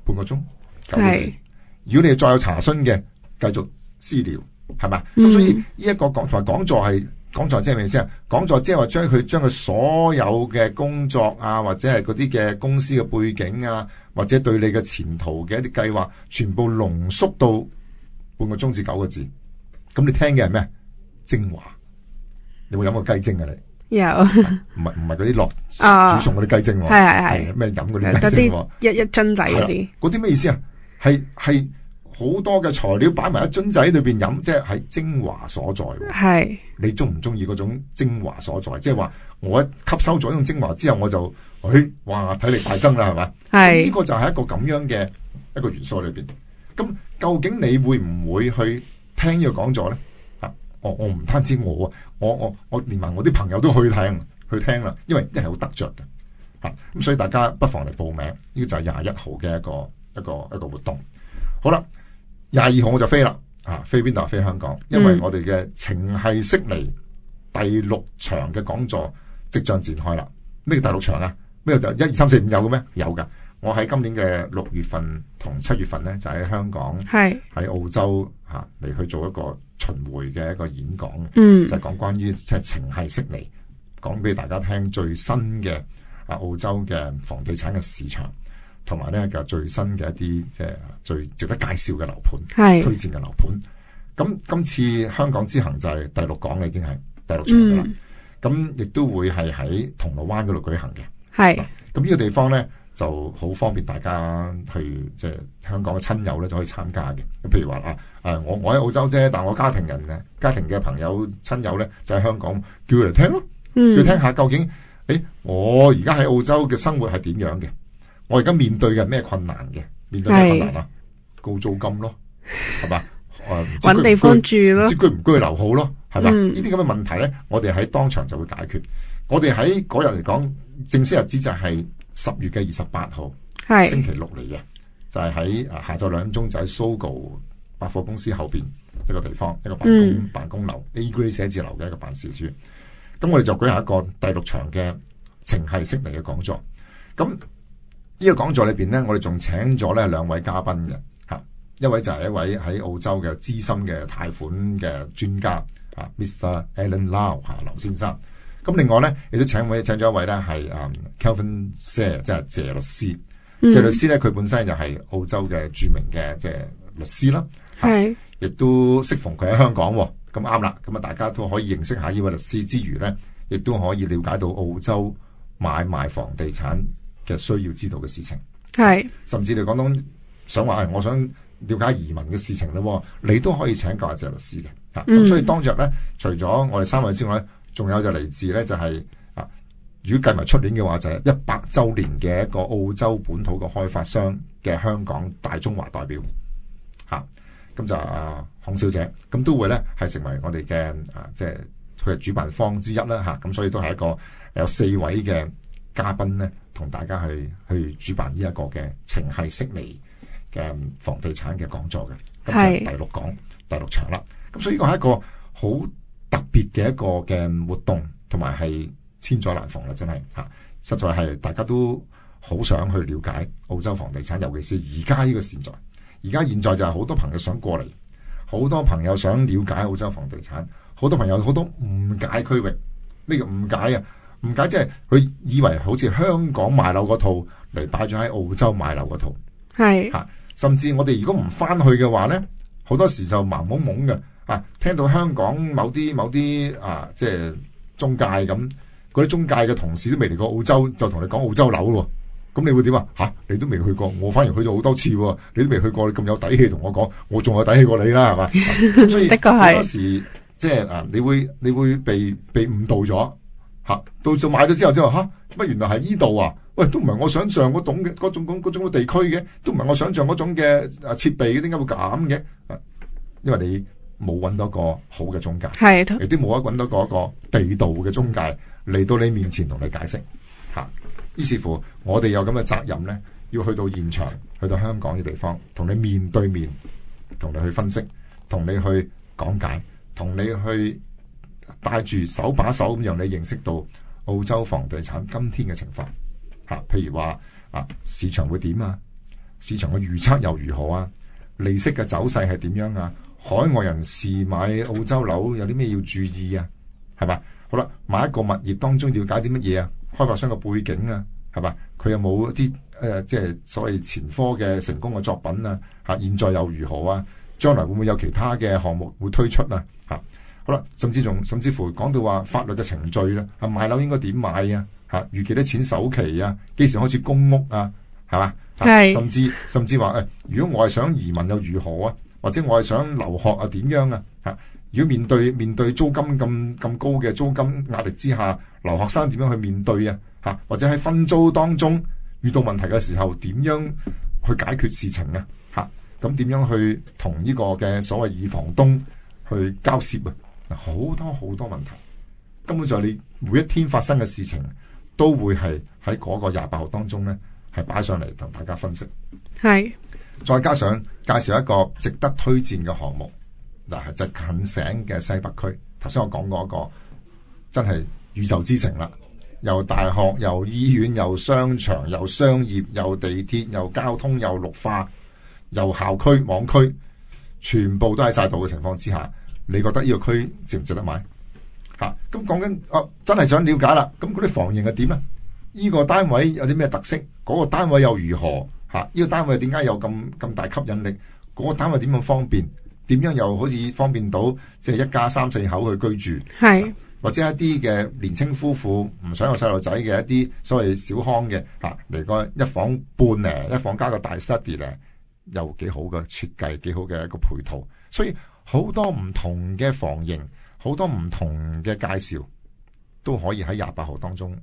S2: 半個鐘九個字。如果你再有查詢嘅，繼續私聊係嘛？咁所以呢一、嗯這個講同埋講座係。講座即係咩意思啊？講座即係話將佢將佢所有嘅工作啊，或者係嗰啲嘅公司嘅背景啊，或者對你嘅前途嘅一啲計劃，全部濃縮到半個鐘至九個字。咁你聽嘅係咩？精華。你會飲個雞精嘅、啊、你？有。唔係唔係嗰啲落煮餸嗰啲雞精、啊。係係係。咩飲嗰啲雞精、啊？嗰啲
S1: 一一樽仔嗰啲。
S2: 嗰啲咩意思啊？係係。好多嘅材料擺埋一樽仔裏邊飲，即係喺精華所在。係你中唔中意嗰種精華所在？即係話我一吸收咗種精華之後，我就誒、哎、哇體力大增啦，係咪？係呢個就係一個咁樣嘅一個元素裏邊。咁究竟你會唔會去聽呢個講座咧？啊，我我唔單止我啊，我我我我我連埋我啲朋友都去聽去聽啦，因為一係好得着嘅。啊咁，所以大家不妨嚟報名，呢、呢個就係廿一號嘅一個一個一個一個活動。好啦。廿二號我就飛啦，啊，飛邊度啊？飛香港，因為我哋嘅情繫悉尼第六場嘅講座即將展開啦。咩叫第六場啊？咩就一二三四五有嘅咩？有噶。我喺今年嘅六月份同七月份咧，就喺香港，係喺澳洲吓嚟，去做一個巡迴嘅一個演講嗯，就講、係、關於即係情繫悉尼，講俾大家聽最新嘅啊澳洲嘅房地產嘅市場。同埋呢，就最新嘅一啲即係最值得介紹嘅樓盤，推薦嘅樓盤。咁今次香港之行就係第六講啦，已經係第六場㗎啦。咁、嗯、亦都會係喺銅鑼灣嗰度舉行嘅。係咁呢個地方呢，就好方便大家去即係，就是，香港嘅親友呢就可以參加嘅。咁譬如話啊，我我喺澳洲啫，但我家庭人呢，家庭嘅朋友親友呢，就喺香港叫佢嚟聽咯，叫佢、嗯、聽下究竟誒、欸、我而家喺澳洲嘅生活係點樣嘅。我而家面對嘅咩困難嘅？面對咩困難啊？高租金咯，係嘛？揾、嗯、地方住咯，即居唔居，居留好咯，係嘛？呢啲咁嘅問題咧，我哋喺當場就會解決。我哋喺嗰日嚟講，正式日子就係十月嘅二十八號，星期六嚟嘅，就係、是、喺下晝兩點鐘就喺 Sogo 百貨公司後面一個地方，一個辦公、嗯、辦公樓 A Grade 寫字樓嘅一個辦事處。咁我哋就舉行一個第六場嘅情繫悉尼嚟嘅講座。咁呢、這個講座裏邊呢，我哋仲請咗咧兩位嘉賓嘅，吓一位就係一位喺澳洲嘅資深嘅貸款嘅專家，Mr. Alan Lau 吓劉先生。咁另外呢，亦都請位請咗一位呢，係 Kelvin Sir，即係謝律師、嗯。謝律師呢，佢本身就係澳洲嘅著名嘅即係律師啦，係。亦都適逢佢喺香港、哦，咁啱啦。咁啊，大家都可以認識下呢位律師之餘呢，亦都可以了解到澳洲買賣房地產。嘅需要知道嘅事情係，甚至你講到想話，誒、哎，我想了解移民嘅事情咯，你都可以請教謝律師嘅。吓、嗯，咁所以當著咧，除咗我哋三位之外，咧，仲有就嚟自咧，就係、是、啊，如果計埋出年嘅話，就係一百周年嘅一個澳洲本土嘅開發商嘅香港大中華代表，吓、啊，咁就啊，孔小姐，咁都會咧係成為我哋嘅啊，即係佢嘅主辦方之一啦，吓、啊，咁所以都係一個有四位嘅嘉賓咧。同大家去去主辦呢一個嘅情繫悉尼嘅房地產嘅講座嘅，咁就第六講第六場啦。咁所以呢個係一個好特別嘅一個嘅活動，同埋係千載難逢啦，真係吓，實在係大家都好想去了解澳洲房地產，尤其是而家呢個現在，而家現在就係好多朋友想過嚟，好多朋友想了解澳洲房地產，好多朋友好多誤解區域，咩叫誤解啊？唔解，即係佢以為好似香港買樓嗰套，嚟擺咗喺澳洲買樓嗰套，
S1: 係吓。
S2: 甚至我哋如果唔翻去嘅話咧，好多時就盲懵懵嘅。啊，聽到香港某啲某啲啊，即係中介咁，嗰啲中介嘅同事都未嚟過澳洲，就同你講澳洲樓咯。咁你會點啊？吓，你都未去過，我反而去咗好多次，你都未去過，你咁有底氣同我講，我仲有底氣過你啦，係嘛、 <laughs>
S1: 啊？所以的確係好多時
S2: 即係啊，你會你會被你會被誤導咗。吓到到買咗之後之後嚇，乜、啊、原來係依度啊？喂，都唔係我想象嗰種嘅嗰種嗰種嘅地區嘅，都唔係我想象嗰種嘅設備嘅，點解會咁嘅？因為你冇揾到個好嘅中介，亦都冇揾到嗰個地道嘅中介嚟到你面前同你解釋嚇、啊。於是乎，我哋有咁嘅責任咧，要去到現場，去到香港嘅地方，同你面對面，同你去分析，同你去講解，同你去。帶住手把手咁讓你認識到澳洲房地產今天嘅情況，吓、啊，譬如話啊市場會點啊，市場嘅預測又如何啊，利息嘅走勢係點樣啊，海外人士買澳洲樓有啲咩要注意啊，係嘛？好啦，買一個物業當中要解啲乜嘢啊，開發商嘅背景啊，係嘛？佢有冇一啲誒、呃，即係所謂前科嘅成功嘅作品啊，吓、啊，現在又如何啊，將來會唔會有其他嘅項目會推出啊，吓、啊。好啦，甚至仲甚至乎講到話法律嘅程序啦，啊，買樓應該點買啊？吓，預幾多錢首期啊？幾時開始供屋啊？係嘛？係。甚至甚至話誒、哎，如果我係想移民又如何啊？或者我係想留學啊？又點樣啊？吓！如果面對面對租金咁咁高嘅租金壓力之下，留學生點樣去面對啊？吓，或者喺分租當中遇到問題嘅時候，點樣去解決事情啊？吓，咁點樣去同呢個嘅所謂二房東去交涉啊？好多好多問題，根本就係你每一天發生嘅事情，都會係喺嗰個廿八號當中呢，係擺上嚟，同大家分析。係，再加上介紹一個值得推薦嘅項目，嗱，係就是、近城嘅西北區。頭先我講過嗰個真係宇宙之城啦，又大學又醫院又商場又商業又地鐵又交通又綠化又校區網區，全部都喺晒度嘅情況之下。你覺得呢個區值唔值得買？吓咁講緊哦，真係想了解啦。咁嗰啲房型係點咧？呢、這個單位有啲咩特色？嗰、那個單位又如何？吓、啊、呢、這個單位點解有咁咁大吸引力？嗰、那個單位點樣方便？點樣又好似方便到即係、就是、一家三四口去居住？係、啊、或者一啲嘅年青夫婦唔想有細路仔嘅一啲所謂小康嘅吓嚟個一房半咧、啊，一房加個大 study 咧、啊，又幾好嘅設計，幾好嘅一個配套，所以。好多唔同嘅房型，好多唔同嘅介紹，都可以喺廿八號當中，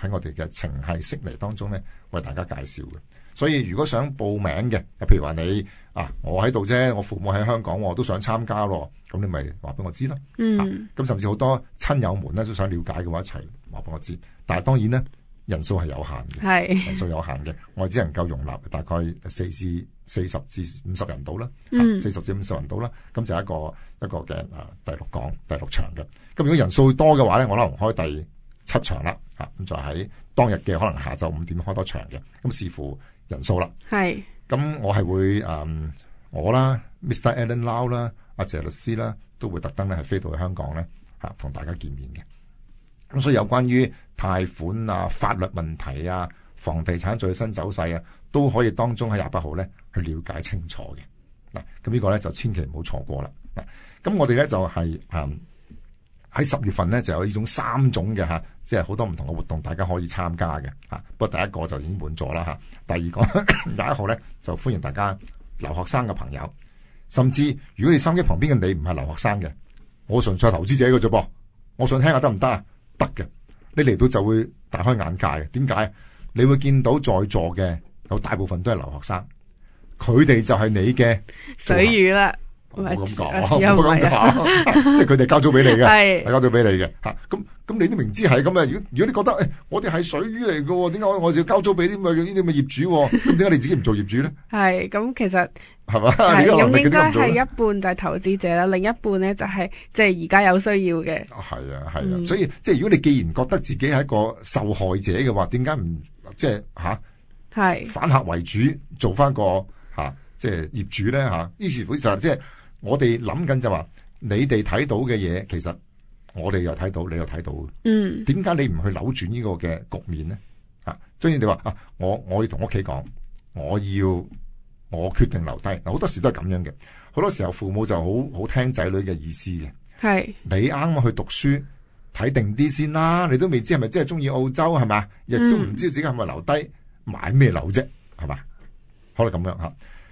S2: 喺我哋嘅情繫悉尼當中咧，為大家介紹嘅。所以如果想報名嘅，譬如話你啊，我喺度啫，我父母喺香港，我都想參加咯，咁你咪話俾我知啦。嗯，咁、啊、甚至好多親友們咧都想了解嘅話一齊話俾我知。但係當然咧，人數係有限嘅，
S1: 係人數
S2: 有限嘅，我只能夠容納大概四至。四十至五十人到啦，四十至五十人到啦，咁、嗯、就一個一個嘅啊第六講第六場嘅。咁如果人數多嘅話咧，我可能開第七場啦，啊咁就喺當日嘅可能下晝五點開多場嘅。咁視乎人數、嗯、啦。係。咁我係會誒我啦，Mr. Allen Lau 啦，阿謝律師啦，都會特登咧係飛到去香港咧嚇同大家見面嘅。咁所以有關於貸款啊、法律問題啊、房地產最新走勢啊，都可以當中喺廿八號咧。去了解清楚嘅,嗱，咁呢個咧就千祈唔好錯過啦嗱。咁我哋咧就係喺十月份咧就有呢種三種嘅吓，即係好多唔同嘅活動，大家可以參加嘅吓。不過第一個就已經滿咗啦吓，第二個廿 <coughs> 一號咧就歡迎大家留學生嘅朋友。甚至如果你心機旁邊嘅你唔係留學生嘅，我純粹係投資者嘅啫噃，我想聽下得唔得啊？得嘅，你嚟到就會大開眼界嘅。點解？你會見到在座嘅有大部分都係留學生。佢哋就係你嘅水魚
S1: 啦，我冇咁講，我冇咁講，即係
S2: 佢哋交租俾你嘅，係交租俾你嘅，吓咁咁你都明知係咁嘅，如果如果你覺得誒、欸，我哋係水魚嚟嘅，點解我我要交租俾啲咁嘅呢啲咁嘅業主？咁點解你自己唔做業主咧？
S1: 係咁、嗯，其實
S2: 係嘛，咁 <laughs> 應該係一
S1: 半就係投資者啦，另一半咧就係即係而家有需要嘅。係啊，係啊,啊、嗯，所以
S2: 即係如果你既然覺得自己係一個受害者嘅話，點解唔即係吓係反客為主做翻個？即係業主咧吓，於是乎就即係我哋諗緊就話，你哋睇到嘅嘢，其實我哋又睇到，你又睇到嘅。嗯，點解你唔去扭轉呢個嘅局面咧？吓、就是，所以你話啊，我我要同屋企講，我要，我，要我決定留低。嗱，好多時都係咁樣嘅，好多時候父母就好好聽仔女嘅意思嘅。係，你啱啱去讀書睇定啲先啦，你都未知係咪真係中意澳洲係嘛，亦都唔知自己係咪留低買咩樓啫，係嘛，可能咁樣吓。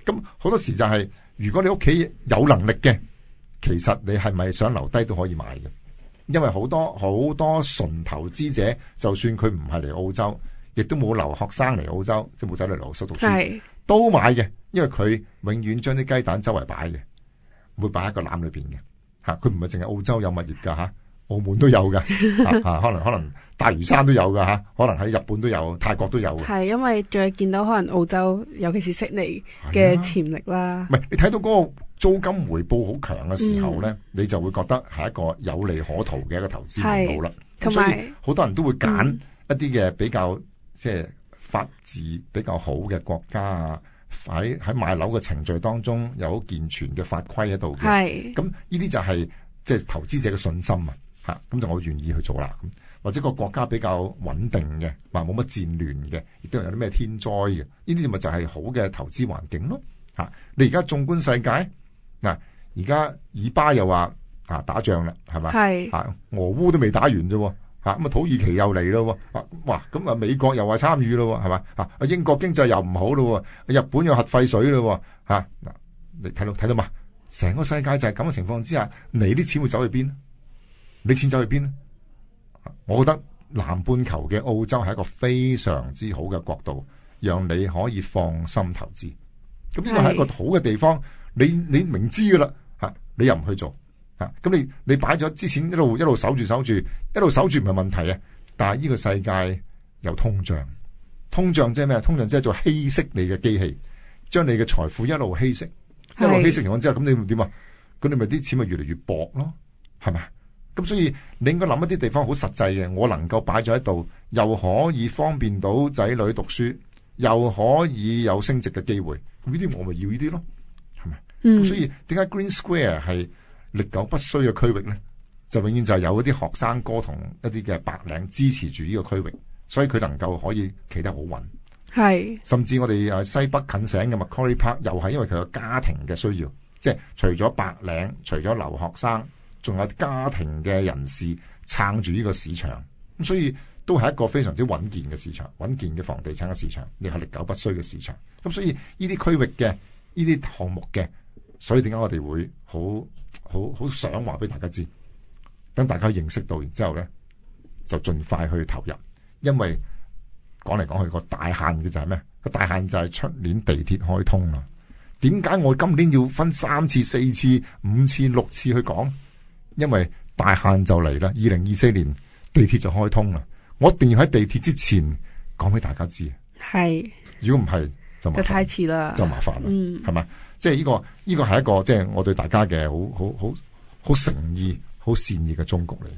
S2: 咁好多時就係如果你屋企有能力嘅，其實你係咪想留低都可以買嘅，因為好多好多純投資者，就算佢唔係嚟澳洲，亦都冇留學生嚟澳洲，即係冇仔嚟留宿讀書，都買嘅，因為佢永遠將啲雞蛋周圍擺嘅，會擺喺個籃裏邊嘅，吓，佢唔係淨係澳洲有物業噶吓。澳門都有嘅、 <laughs> 啊，啊，可能可能大嶼山都有嘅吓、啊，可能喺日本都有，泰國都有。
S1: 係因為仲要見到可能澳洲，尤其是悉尼嘅潛力啦。唔
S2: 係、啊、你睇到嗰個租金回報好強嘅時候咧、嗯，你就會覺得係一個有利可圖嘅一個投資項目啦。所以好多人都會揀一啲嘅比較即係、嗯即係、法治比較好嘅國家啊，喺喺買樓嘅程序當中有健全嘅法規喺度嘅。係咁，呢啲就係即係投資者嘅信心啊。咁、啊、就我願意去做啦。咁或者個國家比較穩定嘅，唔係冇乜戰亂嘅，亦都有啲咩天災嘅，呢啲咪就係好嘅投資環境咯。啊、你而家縱觀世界嗱，而、啊、家以巴又話啊打仗啦，係咪？係啊，俄烏都未打完啫，嚇咁啊，啊土耳其又嚟咯、啊，哇咁啊美國又話參與咯，係咪、啊？英國經濟又唔好咯、啊，日本又核廢水咯，嚇、啊、嗱你睇到睇到嘛？成個世界就係咁嘅情況之下，你啲錢會走去邊？你錢走去邊咧？我覺得南半球嘅澳洲係一個非常之好嘅國度，讓你可以放心投資。咁呢個係一個好嘅地方，你你明知噶啦，吓你又唔去做吓，咁你你擺咗啲錢一路一路守住守住，一路守住唔係問題啊。但係呢個世界有通脹，通脹即係咩？通脹即係做稀釋你嘅機器，將你嘅財富一路稀釋，
S1: 一路稀釋
S2: 完之後，咁你會點啊？咁你咪啲錢咪越嚟越薄咯，係咪？咁所以你應該諗一啲地方好實際嘅，我能夠擺咗喺度，又可以方便到仔女讀書，又可以有升值嘅機會，呢啲我咪要呢啲咯，
S1: 係咪？咁、嗯、所以
S2: 點解 Green Square 係歷久不衰嘅區域咧？就永遠就係有一啲學生哥同一啲嘅白領支持住呢個區域，所以佢能夠可以企得好穩。
S1: 係，
S2: 甚至我哋啊西北近城嘅嘛 Macquarie Park 又係因為佢個家庭嘅需要，即係除咗白領，除咗留學生。仲有家庭嘅人士撐住呢個市場，咁所以都係一個非常之穩健嘅市場，穩健嘅房地產嘅市場，亦係歷久不衰嘅市場。咁所以呢啲區域嘅呢啲項目嘅，所以點解我哋會好好好想話俾大家知，等大家認識到，然之後咧就盡快去投入。因為講嚟講去個大限嘅就係咩？個大限就係出年地鐵開通啦。點解我今年要分三次、四次、五次、六次去講？因為大限就嚟啦，二零二四年地鐵就開通啦，我一定要喺地鐵之前講俾大家知。係如果唔係就太
S1: 遲啦，就麻煩啦，係
S2: 嘛？即係呢個呢、這個係一個即係、就是、我對大家嘅好好好好誠意、好善意嘅忠告嚟。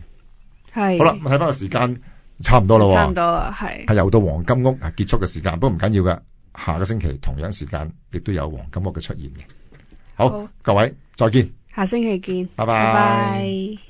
S1: 係好啦，
S2: 睇翻個時間差唔多啦，差唔多啊，係係又到黃金屋結束嘅時間，不過唔緊要嘅，下個星期同樣時間亦都有黃金屋嘅出現嘅。好，各位再見。
S1: 下星期見，拜拜。